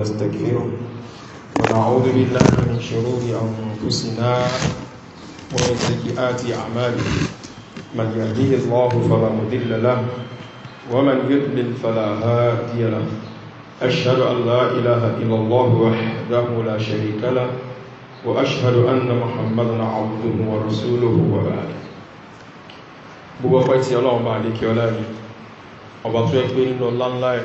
نستغفره ونعوذ بالله من شرور أنفسنا ومن سيئات أعمالنا من يهده الله فلا مضل له ومن يضلل فلا هادي له أشهد أن لا إله إلا الله وحده لا شريك له وأشهد أن محمدا عبده ورسوله وبعد بوبا ọpẹ́ الله Ọlọ́run يا lè kí ọlá ní ọba tó nínú ọlá ńlá ẹ̀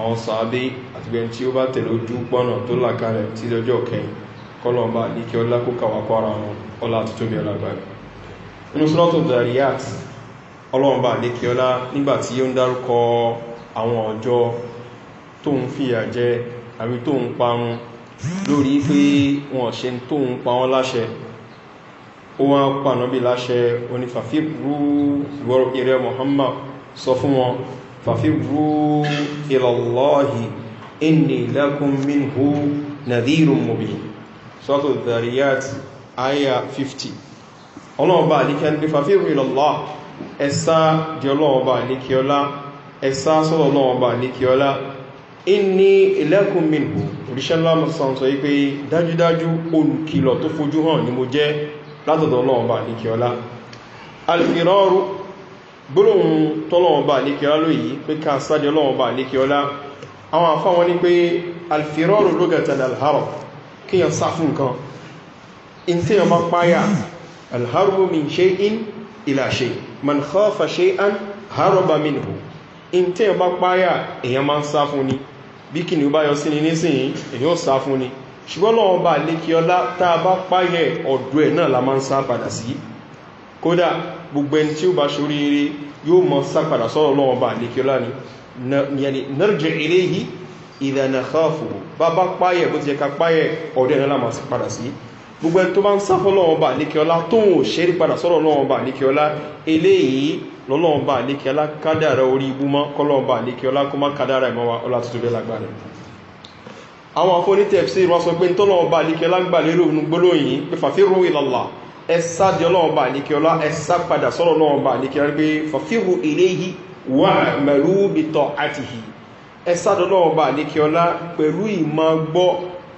àwọn sàábé àti gbẹ̀m tí ó bá tẹ̀lé ojú pọ́nà tó làkàrẹ̀ tí lọ́jọ́ kẹyìn kọlọ̀ọ̀bá ní kí ọlá kó kàwà pàrà wọn ọlá àtútó bí ọlágbàrí inú sọ́lọ́tò dariat ọlọ́ọ̀bá ní kí ọlá nígbàtí ó ń dárúkọ àwọn ọjọ́ tó ń fìyà jẹ àbí tó ń parun lórí pé wọn ṣe tó ń pa wọn láṣẹ ó wá pànàbí láṣẹ onífàfíìrú ìrẹ muhammad sọ fún wọn ففروا إلى الله إني لكم منه نذير مبين سورة الذاريات آية 50 ọlọ́ọ̀bá àníkẹ́ ní fàfíhù ìlọ́lá ẹ̀sá di ọlọ́ọ̀bá àníkíọlá ẹ̀sá sọ́lọ̀ ọlọ́ọ̀bá àníkíọlá inni ilẹ́kùn minhu ríṣẹ́lá mọ̀sán sọ wípé dájúdájú olùkìlọ̀ tó fojú hàn ní mo jẹ́ látọ̀dọ̀ ọlọ́ọ̀bá àníkíọlá alfirọ́rù gbólóhun tọ́lọ́wọ́n bá lékiọlá lóyìí pé ká sáàdì ọlọ́wọ́n bá lékiọlá àwọn àfá wọn ní pé alfirọ́rù lógatan alhárọ̀ kí yàn sá fún nǹkan in tí yàn bá páyà alhárù min ṣe in ilà ṣe man khafa ṣe an harọba minhu in tí yàn bá páyà èyàn máa ń sá fún ni bí gbogbo ẹni tí ó bá ṣoríire yóò mọ sápadà sọ́rọ̀ lọ́wọ́ bá lékiọlá ni nẹ́rẹ̀jẹ̀ eléyìí ìdànà káàfù bá bá páyẹ̀ bó ti yẹ ká páyẹ̀ ọ̀dọ̀ ẹ̀rọ lámà sí padà sí gbogbo ẹni tó bá ń sáfọ́ lọ́wọ́ bá lékiọlá tó ń ṣeré padà sọ́rọ̀ lọ́wọ́ bá lékiọlá eléyìí lọ́lọ́wọ́ bá lékiọlá kádàrà orí ibú mọ́ kọ́lọ́wọ́ ọlá tuntun ń tọ́lọ́wọ́ ẹsá di ọlọ́run bá ní kí ọlá ẹsá padà sọ́rọ̀ ọlọ́run bá ní kí ọlá pé fọ̀fíhù iléyìí wà mẹ̀rú bitọ̀ àti hì ẹsá di ọlọ́run bá ní kí ọlá pẹ̀lú ìmọ̀ gbọ́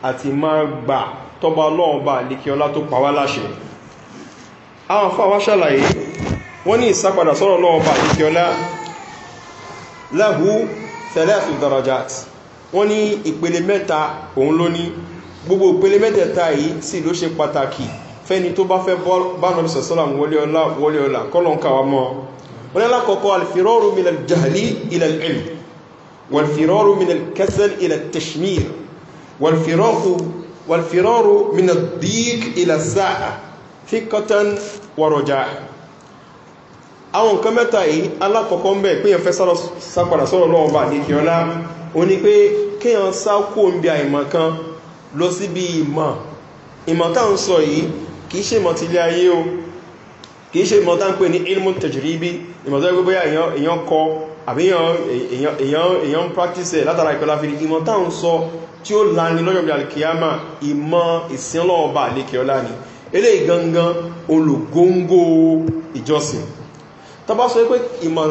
àti ìmọ̀ gbà tọba ọlọ́run bá ní kí ọlá tó pa wá láṣẹ. àwọn afọ àwọn aṣàlàyé wọn ní ìsá padà sọ́rọ̀ ọlọ́run bá ní kí ọlá lẹ́hu tẹ̀lẹ́ àfihàn wọ́n ní ìpele mẹ́ta òun ló gbogbo ìpele mẹ́tẹ̀ẹ̀ta yìí sì ló ṣe pàtàkì fẹ́ni tó bá fẹ́ bá nàbí sàṣọ́làm wọlé ọlá wọlé ọlá kọ́lọ̀ ń kàwà mọ́ wọn lákọ̀ọ́kọ́ alfirọ́rù minal jahli ilal ilm walfirọ́rù minal kẹsẹ̀l ilal tashmir walfirọ́rù minal dik ilal sa'a fíkọ́tán wọ̀rọ̀já àwọn nǹkan mẹ́ta yìí alákọ̀ọ́kọ́ ń pé yẹn fẹ́ sápadà sọ́rọ̀ lọ́wọ́ bá àdékè ọlá o ní pé kéèyàn sá kó ń bí àìmọ̀ kan lọ síbi ìmọ̀ ìmọ̀ táwọn sọ yìí kìí ṣe mọ̀ ti ilé ayé o kìí ṣe mọ̀ tán pé ní ilmu tajribi ìmọ̀ tó ẹgbẹ́ bóyá èyàn kọ àbí èyàn practice ẹ̀ látara ìpẹ́lá fi ìmọ̀ táwọn sọ tí ó lani lọ́jọ́ bí alkiyama ìmọ̀ ìsinlọ́ọba àlékẹ́ọ́lá ni eléyìí gangan olùgóngó ìjọsìn tọ́bá sọ pé ìmọ̀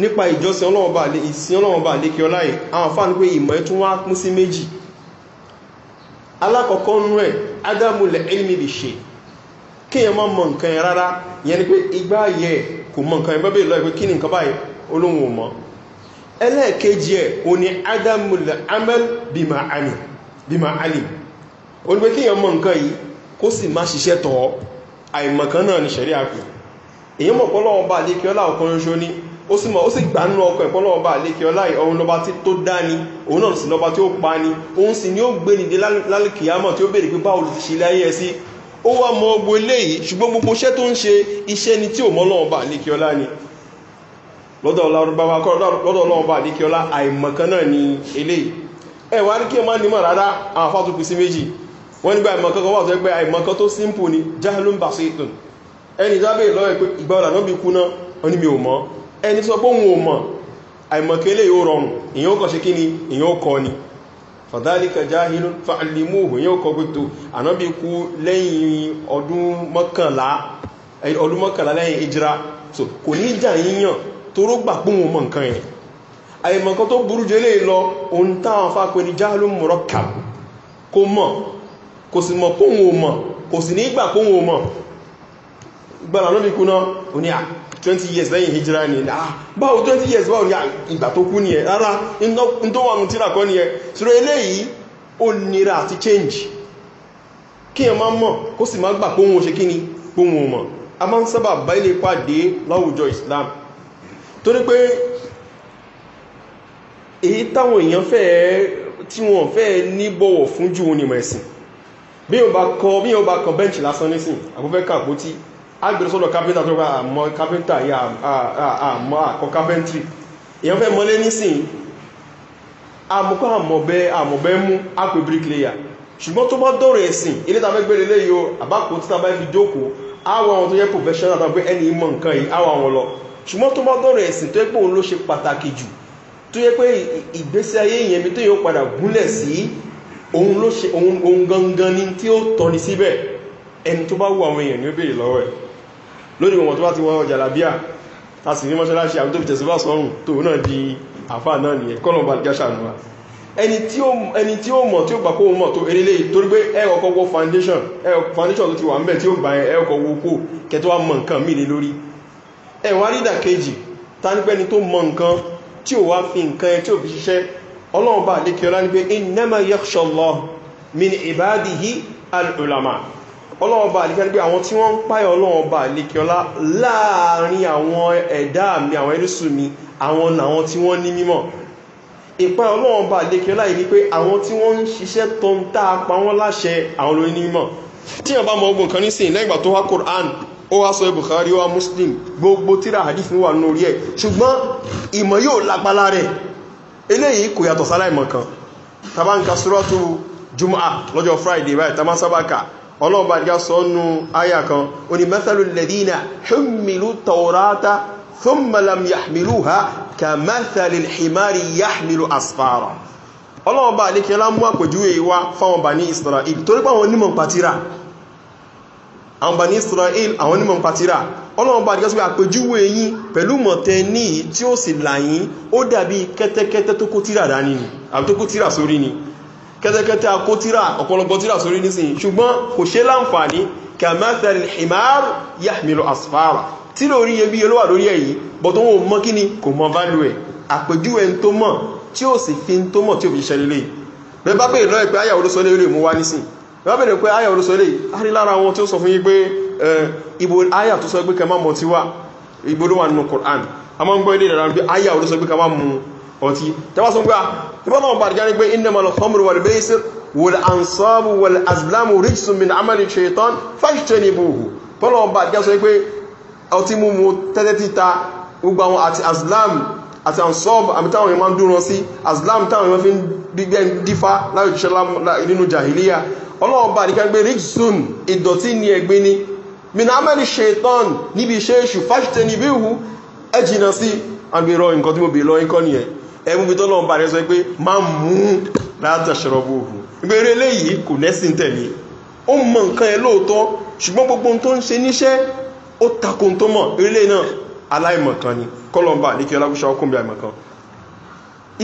nípa ìjọsìn ọlọ́ọ̀bà ìsìn ọlọ́ọ̀bà lékẹ́ọ́lá yìí àwọn fáà ní pé ìmọ̀ ẹ̀ tún wá pín sí méjì alákọ̀ọ́kọ́ nú ẹ̀ ádámù lẹ̀ ilmi bìí ṣe kíyàn mọ́ mọ̀ nǹkan ẹ̀ rárá yẹn ni pé igbá ayẹ kò mọ̀ nǹkan ẹ̀ bẹ́bẹ̀ lọ ìpé kí ni nǹkan báyìí olóhun ò mọ́ ẹlẹ́ẹ̀kejì ẹ̀ o ni adamul amel bima ali o ni pé kíyàn mọ̀ nǹkan yìí kó sì má ṣiṣẹ́ tọ́ àìmọ̀kan náà ni ṣẹ̀rí àpè èyí mọ̀ pọ́lọ́wọ́ bá lékè ọlá ọkùnrin ṣo ni ó sì mọ̀ ó sì gbà nínú ọkọ̀ ìpọ́lọ́wọ́ bá lékè ọlá ọ̀run lọ́ba tí tó dá ni òun náà sì lọ́ba tí ó pa ni òun sì ni ó gbé nìdí lálẹ́kìyàmọ̀ tí ó bèèrè pé báwo ti ṣe ilé ayé ẹ sí ó wá mọ gbogbo eléyìí ṣùgbọ́n gbogbo iṣẹ́ tó ń ṣe iṣẹ́ ni tí ò mọ́ lọ́wọ́ bá àlékiọlá ni lọ́dọ̀ ọlọ́wọ́ bá àlékiọlá àìmọ̀kan náà ni eléyìí ẹ wá ní kí ẹ má nímọ̀ rárá àwọn afá tó pín sí méjì wọ́n nígbà àìmọ̀kan kan wà tó ẹgbẹ́ àìmọ̀kan tó simple ni jahlun basitun ẹni dábẹ́ ìlọ́wẹ́ pé ìgbà ọ̀là náà bí kú náà ó ni ìyẹn ni fàdálíkà jáhìlú fàálìmú òhùn yóò kọ gbẹ́tò ànábì kú lẹ́yìn ọdún mọ́kànlá lẹ́yìn ìjírá so kò ní jà yíyàn tó ró gbà pún wọn mọ̀ nǹkan yẹn àìmọ̀kan tó burú jẹ́ lè lọ ohun táwọn fàpẹ́ ní jáhìlú mọ̀rọ̀kà kó mọ̀ kò sì mọ̀ pún mọ̀ kò sì ní gbà pún mọ̀ gbàrà lóbi kú náà twenty years lẹ́yìn hijira ni ah báwo twenty years báwo ni ah, ìgbà tó kú nìyẹn rárá n tó wà nù tíra kọ́ nìyẹn ṣùgbọ́n eléyìí ó nira àti change kí ẹ máa mọ̀ kó sì máa gbà póhun ṣe kí ni póhun mọ̀ a máa ń sábà bá ilé pàdé láwùjọ islam torí pé èyí táwọn èèyàn fẹ́ tí wọ́n fẹ́ ní bọ̀wọ̀ fún jù ní mẹ̀sìn bí wọ́n bá kọ bench lásán nísìn àbúfẹ́ kàpótí agbèrèsọ́lọ̀ kápẹ́ntà tó bá àmọ́ kápẹ́ntà yà àmọ́ àkọ́ kápẹ́ntì èyàn fẹ́ mọ́lé nísìn àmọ́kọ́ àmọ́bẹ́ àmọ́bẹ́ mú ápè bíríkìlẹ̀yà ṣùgbọ́n tó bá dọ̀rọ̀ ẹ̀sìn ilé tàbí gbẹ̀rẹ̀ lé yóò àbákò tí tàbí fi jókòó àwọn àwọn tó yẹ professional tàbí ẹni ìmọ̀ nǹkan yìí àwọn àwọn lọ ṣùgbọ́n tó bá dọ̀rọ̀ ẹ̀sìn tó yẹ pé òun ló ṣe pàtàkì jù tó yẹ pé ìgbésí ayé ìyẹn mi tó yẹ padà gúnlẹ̀ sí òun ló ṣe òun gangan ni tí ó tọ́ni síbẹ̀ ẹni tó bá wù àwọn èèyàn ní ó béèrè lọ́wọ́ ẹ̀ lórí wọn tó bá ti wọ́n ọjà làbíà ta sì ní mọ́ṣáláṣí àwọn tó fi tẹ̀síwá sọ́rùn tó náà di àfà náà nìyẹn kọ́lọ̀mbà gẹ́ṣà nù ẹni tí ó mọ̀ tí ó gbà mọ̀ tó eré torí pé ẹ ọkọ̀ foundation ẹ foundation tó ti wà ń bẹ̀ tí ó gbà yẹn ẹ ọkọ̀ wo kó kẹtọ́ wa mọ̀ nǹkan mí lé lórí ẹ wá rí ìdàkejì ta ní pẹ́ni tó mọ̀ ọlọ́ọ̀bà àlíkẹ́ pé àwọn tí wọ́n ń páyọ̀ ọlọ́ọ̀bà àlíkẹ́ ọlá láàrin àwọn ẹ̀dá mi àwọn ẹlúsù mi àwọn làwọn tí wọ́n ní mímọ̀ ìpá ọlọ́ọ̀bà àlíkẹ́ ọlá yìí pé àwọn tí wọ́n ń ṣiṣẹ́ tó ń tá apá wọn láṣẹ àwọn lórí ní mímọ̀ tí wọ́n bá mọ ogun kan nísìnyí lẹ́gbà tó wá quran ó wá sọ ibùkárí wá muslim gbogbo tíra hadith wà lórí ẹ̀ ṣùgbọ́n ìmọ̀ yóò lápálá rẹ̀ eléyìí kò yàtọ̀ sáláìmọ̀ kan tàbá ń ka sọ́rọ́tù jùmọ̀ lọ́jọ́ friday báyìí tàbá sábà kà ọlọ́ọ̀bá já sọ́nù àyà kan ó ní mẹ́sàlù lẹ́dínà hìmìlú tàwọ́ráta fún malam yàmìlú ha ka mẹ́sàlù himari yàmìlú asfara ọlọ́ọ̀bá alékẹ́lá mú àpèjúwe wá fáwọn bá ní israel torí pé àwọn onímọ̀ pàtírà ọlọ́ọ̀bá àdíkà sí pé àpèjúwe pẹ̀lú mọ̀tẹ́ ní kẹ́tẹ́kẹ́tẹ́ akótíra ọ̀pọ̀lọpọ̀ tíra sórí nísìnyí ṣùgbọ́n kò ṣe láǹfààní kàmẹ́fẹ̀l himar yahmilu asfara tí lórí ebi olówà lórí ẹ̀yí bọ̀ tó wọ́n mọ́ kíni kò mọ́ válù ẹ̀ àpèjúwe ń tó mọ̀ tí ó sì fi ń tó mọ̀ tí ó fi ṣe lélẹ̀ bẹ́ bá bèèrè lọ́ẹ̀ pé ayàwó ló sọ lélẹ̀ mú wá nísìn bẹ́ bá ọtí tẹwàsán gbá tẹwàsán ọba àdìgá ní pé innamal khamru wal baisir wal ansabu wal azlamu rijsun min amali shaitan fajtanibuhu tọ́lọ̀ ọba àdìgá sọ pé ọtí múmu tẹ́tẹ́ títa gbogbo àwọn àti azlam àti ansabu àmì táwọn èèyàn máa ń dúró sí azlam táwọn èèyàn fi ń gbígbẹ́ dífá láyò ṣiṣẹ́ nínú jahiliya ọlọ́ọ̀ba àdìgá gbé rijsun ìdọ̀tí ẹjìnà sí àgbèrọ nǹkan tí mo bèèrè lọ nǹkan nìyẹn ẹgbùn bí tó lọ́nà bá rẹ̀ sọ pé má mú látàṣọ́rọ̀bù òhun ìgbèrè eléyìí kò lẹ́sìn tẹ̀lé ó mọ nǹkan ẹ lóòótọ́ ṣùgbọ́n gbogbo tó ń ṣe níṣẹ́ ó takò tó mọ̀ ilé náà aláìmọ̀kan ni kọlọ̀mbà ní kí ọlágúnṣà ọkùnrin àìmọ̀kan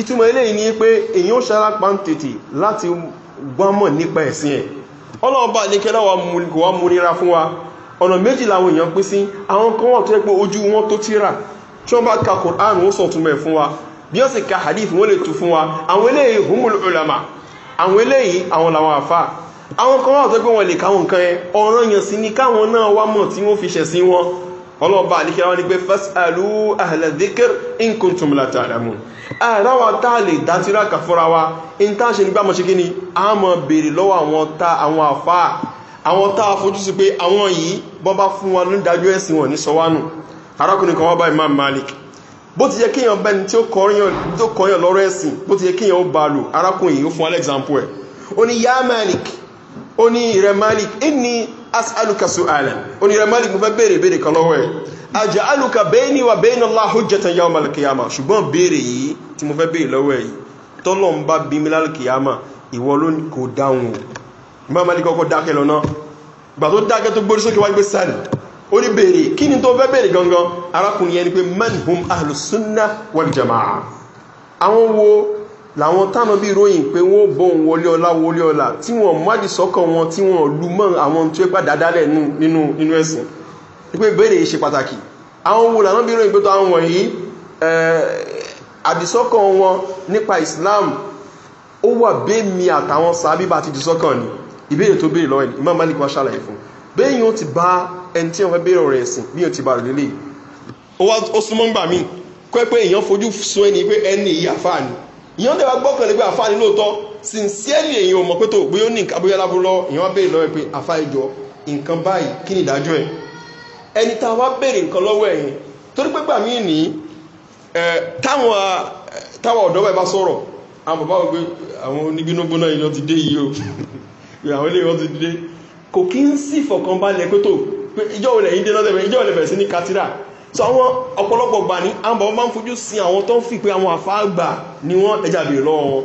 ìtumọ̀ eléyìí ni pé èyàn ṣalápá ń tètè láti gbọ́mọ̀ nípa ẹ̀sìn ẹ̀ ọlọ́ọ̀bá ní kí ọlọ́wà múnira fún wa ọ̀nà méjì làwọn èèyàn pín sí àwọn kan wọ́n tó yẹ pé ojú wọn tó tíra tí wọ́n bá ka kùránù ó sọ̀túnmẹ̀ fún wa bí ó sì ka hadith wọ́n lè tù fún wa àwọn eléyìí humul ulama àwọn eléyìí àwọn làwọn àfà àwọn kan wà tó pé wọ́n lè káwọn nǹkan yẹn ọ̀ràn yàn sí ni káwọn náà wá mọ̀ tí wọ́n fi ṣẹ̀ sí wọn ọlọ́ọ̀bá àdíkẹ́ wọn ni pé fasalu ahladikir la ta'lamun ara wa ta lè dátírà kà fúnra wa in ta ṣe nígbà mọ̀ ṣe kí ni a mọ̀ bèèrè lọ́wọ́ àwọn ta àwọn àfá àwọn ta fojú sí pé àwọn arákùnrin kan wá bá imam malik bó ti yẹ kíyàn bẹ́ni tí ó kọ̀ọ̀yàn lọ́rọ̀ ẹ̀sìn bó ti yẹ kíyàn ó bá lò arákùnrin yìí ó fún alexample ẹ̀ ó ní yá malik ó ní rẹ̀ malik inni as'alukasu alan ó ní rẹ̀ malik mo fẹ́ béèrè béèrè kan lọ́wọ́ ẹ̀ àjà aluka bẹ́ẹ̀ni wa bẹ́ẹ̀ni aláhù jẹtan yá ọmọlẹ̀kìyàmà ṣùgbọ́n béèrè yìí tí mo fẹ́ béèrè lọ́wọ́ ẹ̀ yìí tọ́lọ̀ ń bá bí mílálẹ̀kìyàmà ìwọ ló kò dáhùn o ìmọ̀ malik kọ́kọ́ dákẹ́ ó ní bèèrè kí ni tó fẹ́ bèèrè gangan arákùnrin yẹn pé man hum ahlùsúnnà jama'a àwọn wo làwọn tánà bí ròyìn pé wọ́n bọ́n wọlé ọlá wọlé ọlá tí wọ́n mọ́dí sọ́kàn wọn tí wọ́n lú mọ́ àwọn tó pà dáadáa nínú ẹ̀sìn pé bèèrè ṣe pàtàkì àwọn wo làwọn bí ròyìn pé tó àwọn wọ̀nyí àdìsọ́kàn wọn nípa Islam ó wà bẹ́ẹ̀mí àtàwọn sàábíbà ti dìsọ́kàn ni ìbéèrè tó béèrè lọ́wọ́ Imam Malik wá ṣàlàyé fún bẹ́yìn ó ti bá ẹni tí wọ́n fẹ́ bèèrè ọ̀rọ̀ ẹ̀sìn bí o ti bàrò lélẹ̀ ó súnmọ́ ńgbà míì kọ́ pé èèyàn fojú sun ẹni pé ẹni yìí àfáà ni èèyàn dẹ̀ wá gbọ́kàn lé pé àfáà ni lóòótọ́ sincerely èèyàn ò mọ̀ pé tó bóyá ó ní nǹkan bóyá láburú lọ èèyàn wá bèèrè lọ́wọ́ pé àfáà ìjọ nǹkan báyìí kí ni ìdájọ́ ẹ̀ ẹni tá a wá bèèrè nǹkan lọ́wọ́ ẹ̀yìn torí pé gbà míì ní táwọn ọ̀dọ́ bá sọ̀rọ̀ àwọn bàbá wọn pé àwọn onígbínúgbó náà ìlọ ti dé yìí o àwọn ilé ìwọ́n ti dé kò kí ń sì fọ̀kànbalẹ̀ pé tó ìjọ olè yìí dé lọ́dẹ̀ ìjọ olè bẹ̀rẹ̀ sí ní katira so àwọn ọ̀pọ̀lọpọ̀ gbà ní àwọn bàbá máa ń fojú sí àwọn tó ń fi pé àwọn àfáàgbà ni wọ́n ẹja bèèrè lọ́wọ́ wọn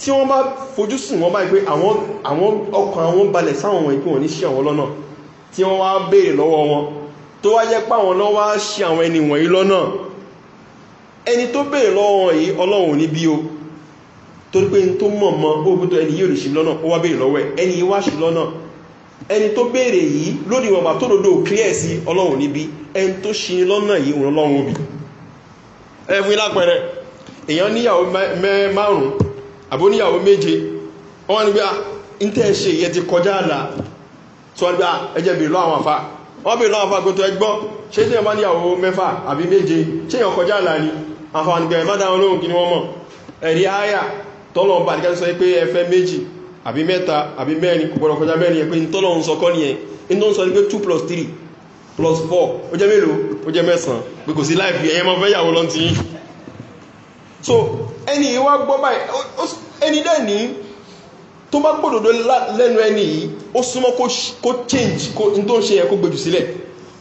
tí wọ́n bá fojú sùn wọ́n báyìí pé àwọn ọkàn àwọn balẹ̀ sáwọn wọn ìpín wọn ní ṣe àwọn lọ́nà tí wọ́n wá bèèrè lọ́wọ́ wọn tó wá jẹ́ pé àwọn náà wá ṣe àwọn ẹni wọ̀nyí lọ́nà ẹni tó bèèrè lọ́wọ́ wọn yìí ọlọ́run ní bí o torí pé ní tó mọ̀ mọ́ ó gbọ́dọ̀ ẹni yóò lè ṣe lọ́nà ó wá bèèrè lọ́wọ́ ẹ ẹni yìí wá ṣe lọ́nà ẹni tó béèrè yìí lónìí wọn bá tó dodo clear sí ọlọ́run níbi ẹni tó ṣe lọ́nà yìí òun lọ́run obì ẹfún ilápẹrẹ èèyàn níyàwó márùn àbó níyàwó méje wọn wá ní pé ah, n tẹ́ ṣe ìyẹn ti kọjá àlà tó wọn gbà ah, ẹjẹ bèèrè lọ àwọn àfa wọn bèèrè lọ àwọn àfa gbọtọ ẹgbọ́ ṣé tí wọn bá níyàwó mẹ́fà àbí méje ṣé èèyàn kọjá àlà ni àǹfààní bẹ̀rẹ̀ má dáhùn lóhùn kí ni wọ́n mọ̀ ẹ̀rí àyà tọ́lọ̀ bàdìkẹ́ sọ pé ẹ méjì àbí mẹ́ta àbí mẹ́rin kò gbọ́dọ̀ kọjá mẹ́rin ẹgbẹ́ ìtọ́lọ̀ ń sọ kọ́ nìyẹn inú ń sọ ní pé 2 plus 3 plus 4 ó jẹ́ mélòó ó jẹ́ mẹ́sàn pé kò sí láìpẹ́ ẹ̀yẹ́ máa fẹ́ yàwó lọ́n ti yín so ẹni yìí wá gbọ́ báyìí ẹni dẹ́ ní tó bá gbòdòdó lẹ́nu ẹni yìí ó súnmọ́ kó change kó n tó ń ṣe yẹ kó gbèjù sílẹ̀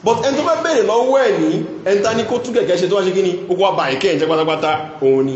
but ẹni tó bá bèèrè lọ́wọ́ ẹ̀ ní ẹni ta ni kó tún kẹ̀kẹ́ ṣe tó wá ṣe kí ni ó wá bàyìí kẹ́ ẹ̀ jẹ́ pátápátá òun ni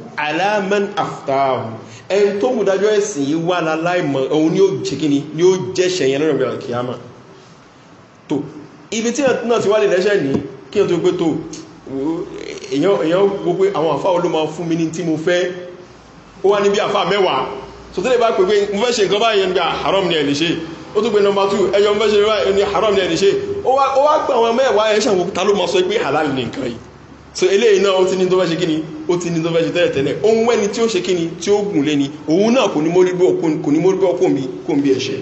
alaman aftahu ẹni tó mú dájọ́ ẹ̀sìn yìí wà láláìmọ̀ òun ni ó jẹ́ kí ni ni ó jẹ́ ṣẹ̀yẹn lọ́rọ̀ bí alkiyama tó ibi tí náà ti wá lè lẹ́ṣẹ̀ ní kí n tó pé tó èèyàn wo pé àwọn àfáà ló máa fún mi ní tí mo fẹ́ ó wá níbi àfáà mẹ́wàá so tẹ́lẹ̀ bá pè pé mo fẹ́ ṣe nǹkan báyìí ẹni ah, haram ni ẹni ṣe ó tún pé nọmba 2 ẹyọ mo fẹ́ ṣe ní ah, haram ni ẹni ṣe ó wá pẹ̀ àwọn mẹ́wàá ẹ̀ṣẹ̀ ta ló máa sọ pé halal ni nǹkan yìí so eléyìí náà ó ti ní tó fẹ́ ṣe kíni ó ti ní tó fẹ́ ṣe tẹ́lẹ̀ tẹ́lẹ̀ ó wẹ́ni tí ó ṣe kíni tí ó gùn lé ni òun náà kò ní mórí bí òkú mi ẹ̀ṣẹ̀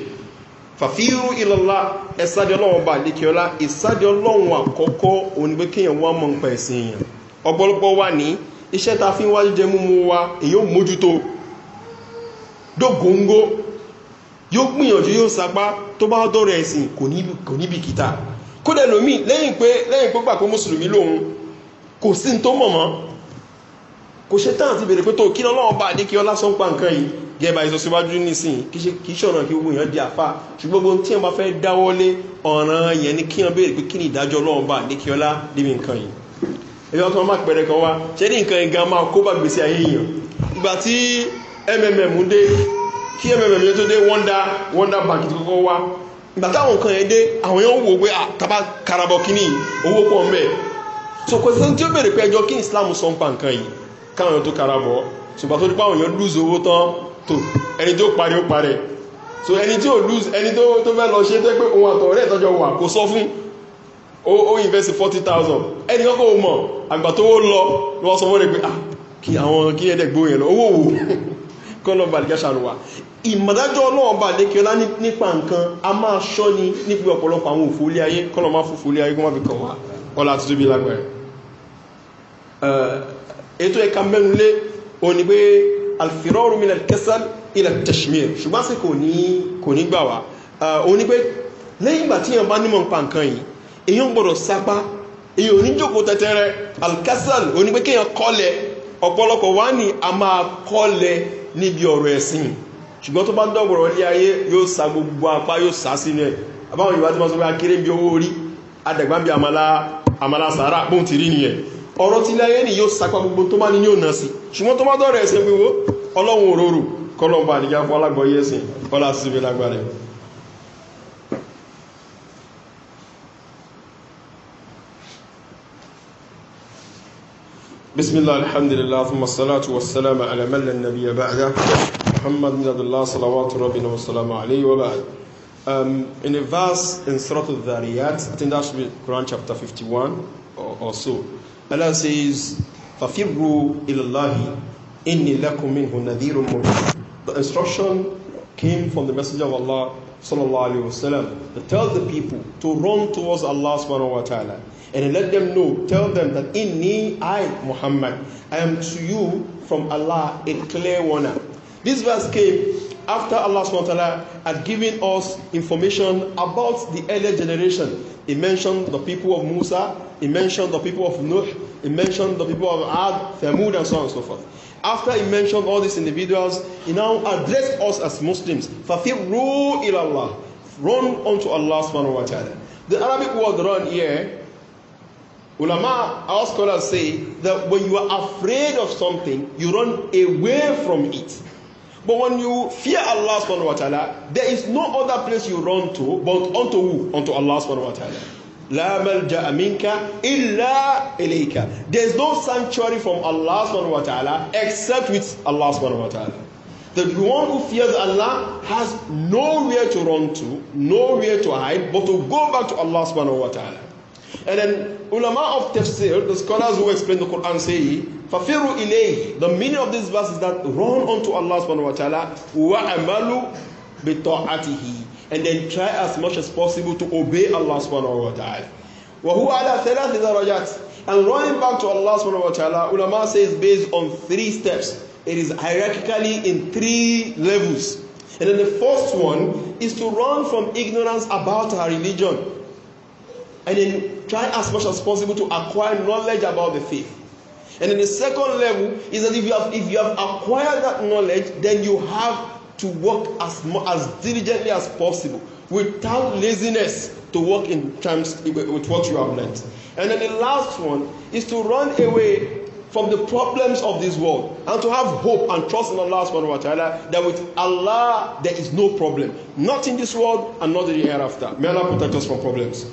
fàfíìrú ìlọ́lá ẹ̀sáde ọlọ́run bá lékeọlá ìsáde ọlọ́run àkọ́kọ́ onígbé kéèyàn wá mọ̀ nípa ẹ̀sìn èèyàn ọgbọ́lọpọ̀ wà ní iṣẹ́ ta fi ń wá jíjẹ múmu wa èyí ò mójútó dógóńgó yóò gbìyànjú yóò sapá tó bá dọ́rọ̀ ẹ̀sìn kò níbi kìtà kódẹ̀ lómi lẹ́yìn pé lẹ́yìn pé pàpọ̀ mùsùlùmí lòun kò sí tó mọ̀ mọ́ kò ṣe tán àti bèrè pé tó kí lọ́wọ́ bá ní kí ọlá sọ ń pa nǹkan yìí gẹ́bà ìsọsíwájú nísìn kì í ṣọ̀nà kí gbogbo èèyàn di àfà ṣùgbọ́n gbogbo tí wọ́n bá fẹ́ dáwọ́lé ọ̀ràn yẹn ni kí wọ́n bèrè pé kí ni ìdájọ́ ọlọ́wọ́ bá ní kí ọlá débi nǹkan yìí ẹ̀yọ́ kan máa pẹ̀rẹ̀ kan wá ṣé ní nǹkan ìgbà máa kó bá gbèsè ayé èèyàn ìgbà tí mmm dé kí mmm yẹn tó dé wọ́ndà wọ́ndà bank tó kọ́kọ́ wá ìgbà táwọn nǹkan yẹn dé àwọn yẹn ń wò pé àtàbà karabọ kíní owó pọ̀ ń bẹ̀ so kò sí tí ó bèrè pé ẹjọ́ kí islam sọ ń pa nǹkan yìí káwọn tó kara bọ̀ ṣùgbọ́n tó dípá àwọn èèyàn lose owó tán tó ẹni tó parí ó parẹ́ so ẹni tí ó lose ẹni tó fẹ́ lọ ṣe tẹ́ pé ohun àtọ̀rẹ́ ìtọ́jọ́ wà kò sọ fún ó invest forty thousand ẹni kọ́kọ́ ò mọ̀ àgbà tó lọ ló wá sọ fún rẹ̀ pé ah kí àwọn kí ẹ̀dẹ̀ gbóyè lọ owó wò kọ́ lọ́ba àdìgẹ́sà ló wà ìmọ̀dájọ́ ọlọ́ọ̀bà lékeọlá nípa nǹkan a máa ṣọ́ ni nípa ọ̀pọ̀lọpọ̀ àwọn òfò ilé ayé kọ́lọ̀ máa fòfò ilé ayé kó má fi kàn wá ọlá àti tóbi lágbàá ètò eh, ẹ̀ka mẹ́nu lé o ní pé alfiraru min alkesal ila tashmir ṣùgbọ́n sí kò ní gbà wá eh, o ní pé lẹ́yìn ìgbà tí yàn bá nímọ̀ nǹkan nǹkan yìí èyàn gbọ́dọ̀ sápá èyàn oníjókòó tẹ́tẹ́rẹ́ alkesal o ní pé kéèyàn kọ́lẹ̀ ọ̀pọ̀lọpọ̀ wá ní a máa kọ́lẹ̀ níbi ọ̀rọ̀ ẹ̀sìn ṣùgbọ́n tó bá dọ̀gbọ̀rọ̀ ilé ayé yóò sa gbogbo apá yóò sá sínú ẹ̀ àbáwọn ìwádìí wọn sọ pé akéré bí owó orí adẹ̀gbábí àmàlà àmàlà sàárà bóun ti rí nìyẹn ọ̀rọ̀ tí láyé ni yóò sapa gbogbo tó bá ní yóò nà sí ṣùgbọ́n tó bá dọ̀rọ̀ ẹ̀sìn pé wo ọlọ́run òróró kọlọ́ọ̀bà àdìgá fún alágbọ̀ọ́yé ọlá síbi lágbára Um, in a verse in Surah Al-Dhariyat, I think that should be Quran chapter 51 or, or so. Allah says, فَفِرُّوا إِلَى اللَّهِ إِنِّي لَكُمْ مِنْهُ The instruction came from the Messenger of Allah sallallahu alaihi wasallam to tell the people to run towards Allah subhanahu wa ta'ala and let them know tell them that inni I Muhammad I am to you from Allah a clear warner this verse came after Allah SWT had given us information about the earlier generation, He mentioned the people of Musa, He mentioned the people of Nuh, He mentioned the people of Ad, Thamud, and so on and so forth. After He mentioned all these individuals, He now addressed us as Muslims. فَفِرُّوا إِلَى اللَّهِ Run unto Allah subhanahu The Arabic word run here, ulama, our scholars say that when you are afraid of something, you run away from it. But when you fear Allah subhanahu wa ta'ala, there is no other place you run to but unto who? Unto Allah subhanahu wa ta'ala. La malja'a minka illa ilayka. There is no sanctuary from Allah subhanahu wa ta'ala except with Allah subhanahu wa ta'ala. The one who fears Allah has nowhere to run to, nowhere to hide, but to go back to Allah subhanahu wa ta'ala. And then ulama of tafsir, the scholars who explain the Quran say, Fafiru ilayh." The meaning of this verse is that run unto Allah subhanahu wa ta'ala wa amalu bita'atihi. And then try as much as possible to obey Allah subhanahu wa ta'ala. وهو على ثلاث درجات and running back to Allah subhanahu wa ta'ala ulama says based on three steps it is hierarchically in three levels and then the first one is to run from ignorance about our religion and then try as much as possible to acquire knowledge about the faith. And then the second level is that if you have if you have acquired that knowledge, then you have to work as as diligently as possible without laziness to work in terms with what you have learned. And then the last one is to run away from the problems of this world and to have hope and trust in Allah subhanahu wa ta'ala that with Allah there is no problem, not in this world and not in the hereafter. May Allah protect us from problems.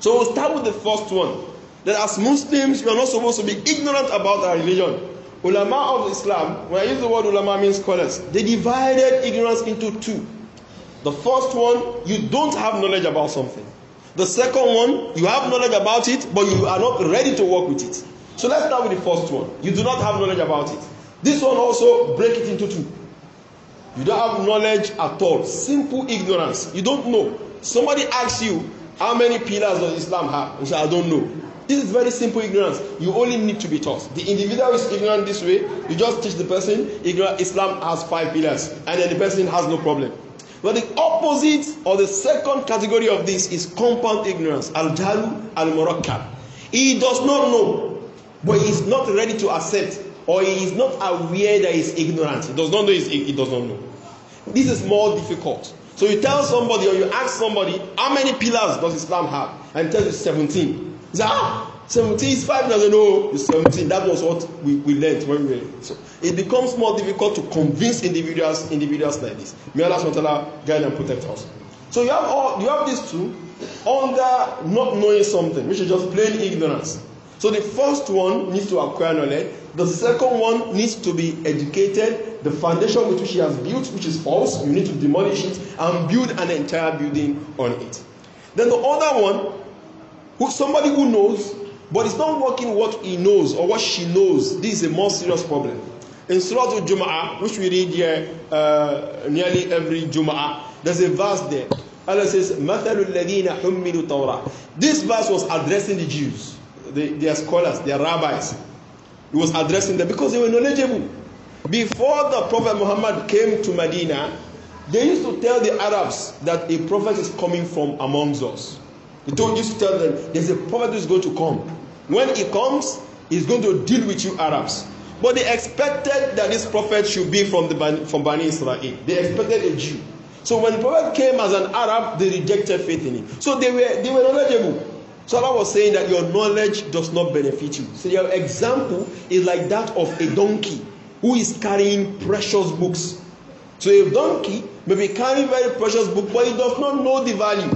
So we'll start with the first one that as Muslims, we are not supposed to be ignorant about our religion. Ulama of Islam, when I use the word ulama means scholars, they divided ignorance into two. The first one, you don't have knowledge about something. The second one, you have knowledge about it, but you are not ready to work with it. So let's start with the first one. You do not have knowledge about it. This one also break it into two. You don't have knowledge at all. Simple ignorance. You don't know. Somebody asks you, How many pillars does Islam have? He said, I don't know. This is very simple ignorance. You only need to be taught. The individual is ignorant this way. You just teach the person, Islam has five pillars, and then the person has no problem. But the opposite or the second category of this is compound ignorance, al jalu al murakkab. He does not know, but he is not ready to accept, or he is not aware that he is ignorant. He does not know he does not know. This is more difficult. So you tell somebody or you ask somebody, how many pillars does Islam have? And tells you 17. He said, ah, 17 is 5. I said, no, it's 17. That was what we, we learned when we were. So it becomes more difficult to convince individuals individuals like this. May Allah SWT guide and protect us. So you have all you have these two under not knowing something, which is just plain ignorance. So the first one needs to acquire knowledge. The second one needs to be educated. The foundation with which he has built, which is false, you need to demolish it and build an entire building on it. Then the other one, who somebody who knows, but it's not working what he knows or what she knows. This is a more serious problem. In Surah Al Jum'ah, which we read here uh, nearly every Jum'ah, there's a verse there. Allah says, مَثَلُ الَّذِينَ حُمِّلُوا Torah. This verse was addressing the Jews, the, their scholars, their rabbis. He was addressing them because they were knowledgeable. Before the Prophet Muhammad came to Medina, they used to tell the Arabs that a prophet is coming from amongst us. They told, used to tell them, there's a prophet who's going to come. When he comes, he's going to deal with you Arabs. But they expected that this prophet should be from the from Bani Israel. They expected a Jew. So when the prophet came as an Arab, they rejected faith in him. So they were they were knowledgeable. So Allah was saying that your knowledge does not benefit you. So your example is like that of a donkey who is carrying precious books. So a donkey may be carrying very precious book, but he does not know the value.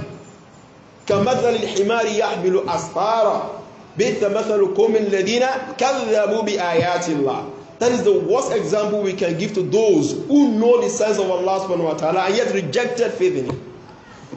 كمثل الحمار يحمل أسفارا بئس مثل قوم الذين كذبوا بآيات الله That is the worst example we can give to those who know the signs of Allah subhanahu wa ta'ala and yet rejected faith in Him.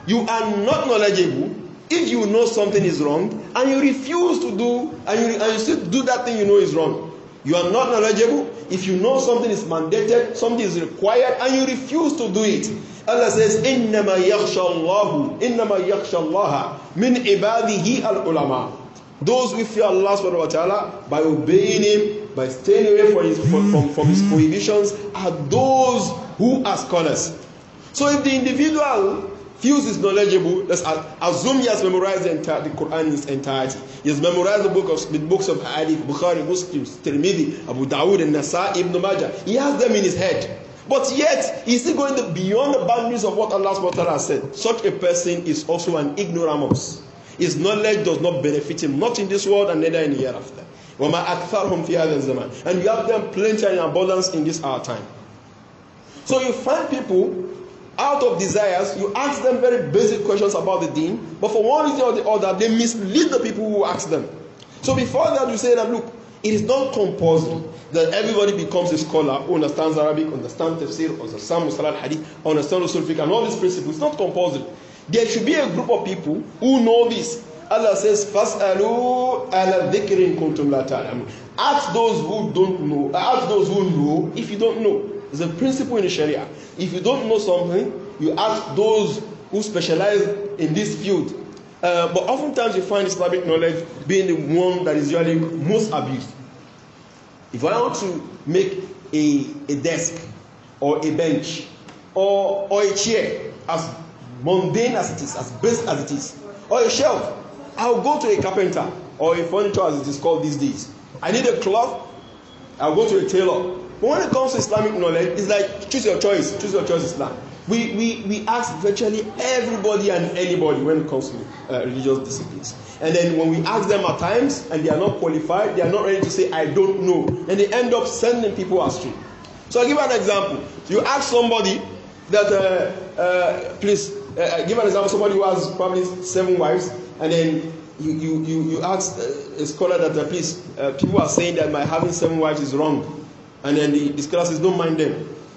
You are not knowledgeable if you know something is wrong and you refuse to do and you, and you still do that thing you know is wrong you are not knowledgeable if you know something is mandated something is required and you refuse to do it Allah says innama yakhsha Allah innama yakhsha Allah min ibadihi al ulama those who fear Allah subhanahu wa ta'ala by obeying him by staying away from his, from, from, from his prohibitions are those who are scholars so if the individual Hughes is knowledgeable. Let's assume he has memorized the, entire, the Quran in its entirety. He has memorized the book of the books of Hadith, Bukhari, Muslim, Tirmidhi, Abu Dawud, and Nasa, Ibn Majah. He has them in his head. But yet, is he going beyond the boundaries of what Allah SWT has said. Such a person is also an ignoramus. His knowledge does not benefit him, not in this world and neither in the hereafter. وَمَا أَكْثَرْهُمْ فِي هَذَا الزَّمَانِ And you have them plenty and abundance in this our time. So you find people out of desires, you ask them very basic questions about the deen, but for one reason or the other, they mislead the people who ask them. So before that, you say that look, it is not compulsory that everybody becomes a scholar who understands Arabic, understands Tafsir, understands Musal Hadith, understands Usul Fiqh, and all these principles. It's not compulsory. There should be a group of people who know this. Allah says, "Fasalu ala dhikrin kuntum la ta'lamun." Ask those who don't know. Ask those who know if you don't know. It's a principle in the Sharia. If you don't know something, you ask those who specialize in this field. Uh, but oftentimes you find Islamic knowledge being the one that is usually most abused. If I want to make a, a desk or a bench or, or a chair, as mundane as it is, as basic as it is, or a shelf, I'll go to a carpenter or a furniture as it is called these days. I need a cloth, I'll go to a tailor But when it comes to Islamic knowledge, it's like choose your choice, choose your choice, Islam. We, we, we ask virtually everybody and anybody when it comes to uh, religious disciplines. And then when we ask them at times and they are not qualified, they are not ready to say, I don't know. And they end up sending people astray. So I'll give an example. You ask somebody that, uh, uh, please, uh, uh, give an example, somebody who has probably seven wives, and then you, you, you, you ask uh, a scholar that, please, people are saying that my having seven wives is wrong and then the, the scholars don't mind them.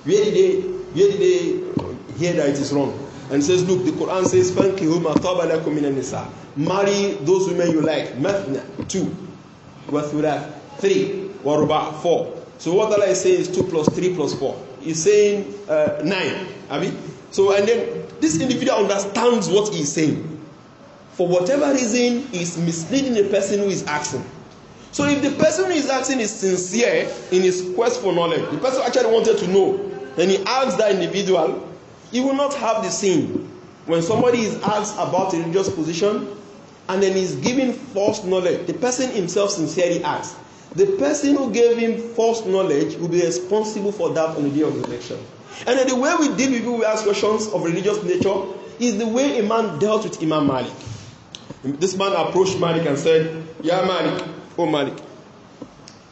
Where did they where did they hear that it is wrong? And says, look, the Quran says, ma nisa. Marry those women you like. Mathna, two. Wathura, three. Waruba, four. So what Allah is saying is two plus three plus four. He's saying uh, nine. Abi? So and then this individual understands what he's saying. For whatever reason, he's misleading the person who is asking. So if the person is asking is sincere in his quest for knowledge, the person actually wanted to know, and he asks that individual, he will not have the sin. When somebody is asked about a religious position and then is given false knowledge, the person himself sincerely asks. The person who gave him false knowledge will be responsible for that on the day of the election. And then the way we deal with people who ask questions of religious nature is the way a man dealt with Imam Malik. This man approached Malik and said, Yeah, Malik, O oh, Malik,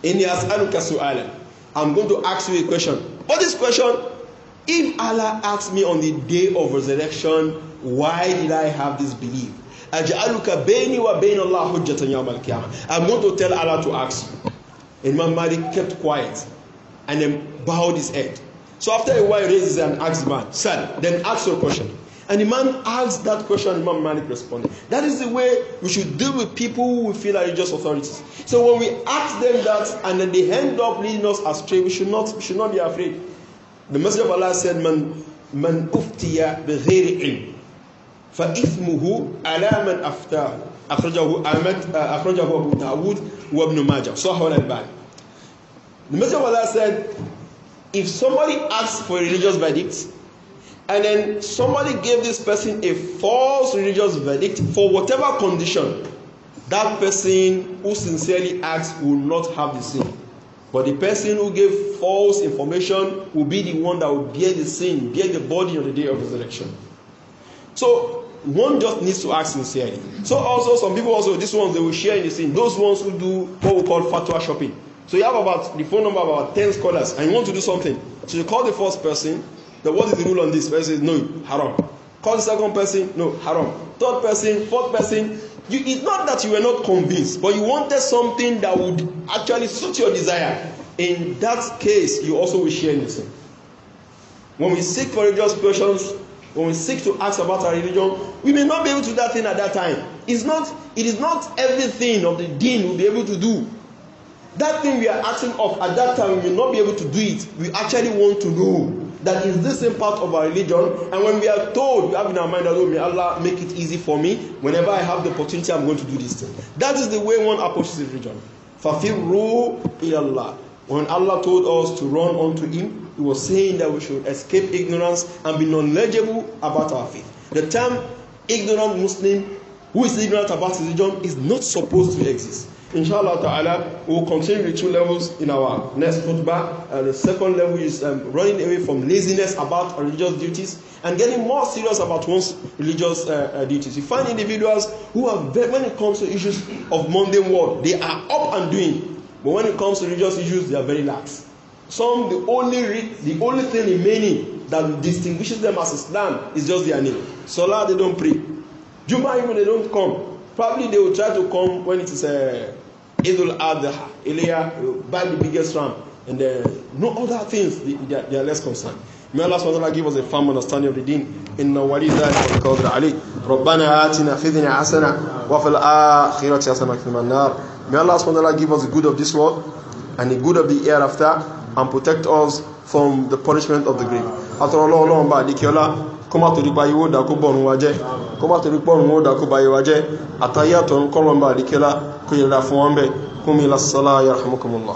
inni as'aluka su'ala. I'm going to ask you a question. But this question, if Allah asks me on the day of resurrection, why did I have this belief? Aj'aluka baini wa bayna Allah hujjatan yawm al-qiyamah. I'm going to tell Allah to ask you. And Imam Malik kept quiet and then bowed his head. So after a while, he raised his hand and asked the man, son, then ask your question. And the man asked that question, The man Malik responded. That is the way we should deal with people who we feel are religious authorities. So when we ask them that and then they end up leading us astray, we should not, we should not be afraid. The Messenger of Allah said, Man, man uftiya bighiri ilm. فإثمه على من أفتاه أخرجه abu أخرجه wa داود Majah." ماجه صح ولا الباني The Messenger of Allah said, if somebody asks for a religious verdict, and then somebody gave this person a false religious verdict for whatever condition that person who sincerely acts will not have the sin but the person who gave false information will be the one that will bear the sin bear the burden on the day of resurrection so one just needs to act sincerely so also some people also these ones they will share in the sin those ones who do what we call fatwa shopping so you have about the phone number about ten scholars and you want to do something so you call the first person Then what is the rule on this? Person says, no, haram. Call the second person, no, haram. Third person, fourth person. You, it's not that you were not convinced, but you wanted something that would actually suit your desire. In that case, you also will share in sin. When we seek for religious questions, when we seek to ask about our religion, we may not be able to do that thing at that time. It's not, it is not everything of the deen we'll be able to do. That thing we are asking of at that time, we may not be able to do it. We actually want to know that is this same part of our religion and when we are told we have in our mind that oh may allah make it easy for me whenever i have the opportunity i'm going to do this thing that is the way one approaches the religion fafiru ilallah when allah told us to run unto him he was saying that we should escape ignorance and be knowledgeable about our faith the term ignorant muslim who is ignorant about religion is not supposed to exist Inshallah ta'ala, we will continue the two levels in our next khutbah. And uh, the second level is um, running away from laziness about religious duties and getting more serious about one's religious uh, uh, duties. You find individuals who are, very, when it comes to issues of mundane world, they are up and doing. But when it comes to religious issues, they are very lax. Some, the only, the only thing remaining that distinguishes them as Islam is just their name. Salah, they don't pray. Juma, even they don't come. Probably they will try to come when it is a uh, Eid al-Adha, Ilia, buy the biggest ram, and then uh, no other things, they, they, are, they are less concerned. May Allah SWT give us a firm understanding of the deen. إن ولي ذلك والقدر عليه ربنا آتنا في الدنيا حسنة وفي الآخرة حسنة وقنا النار May Allah subhanahu wa ta'ala give us the good of this world and the good of the hereafter and protect us from the punishment of the grave. After Allah, Allah, Allah, kó má torí báyìí ó dákó bọ̀rùn wa jẹ́ kó má torí bọ̀rùn ó dákó báyìí wa jẹ́ àtàyàtọ̀ ń kọ́lọ̀ àríkẹ́lá kó yẹra fún wọn bẹ́ẹ̀ kúmi lásìlá yàrá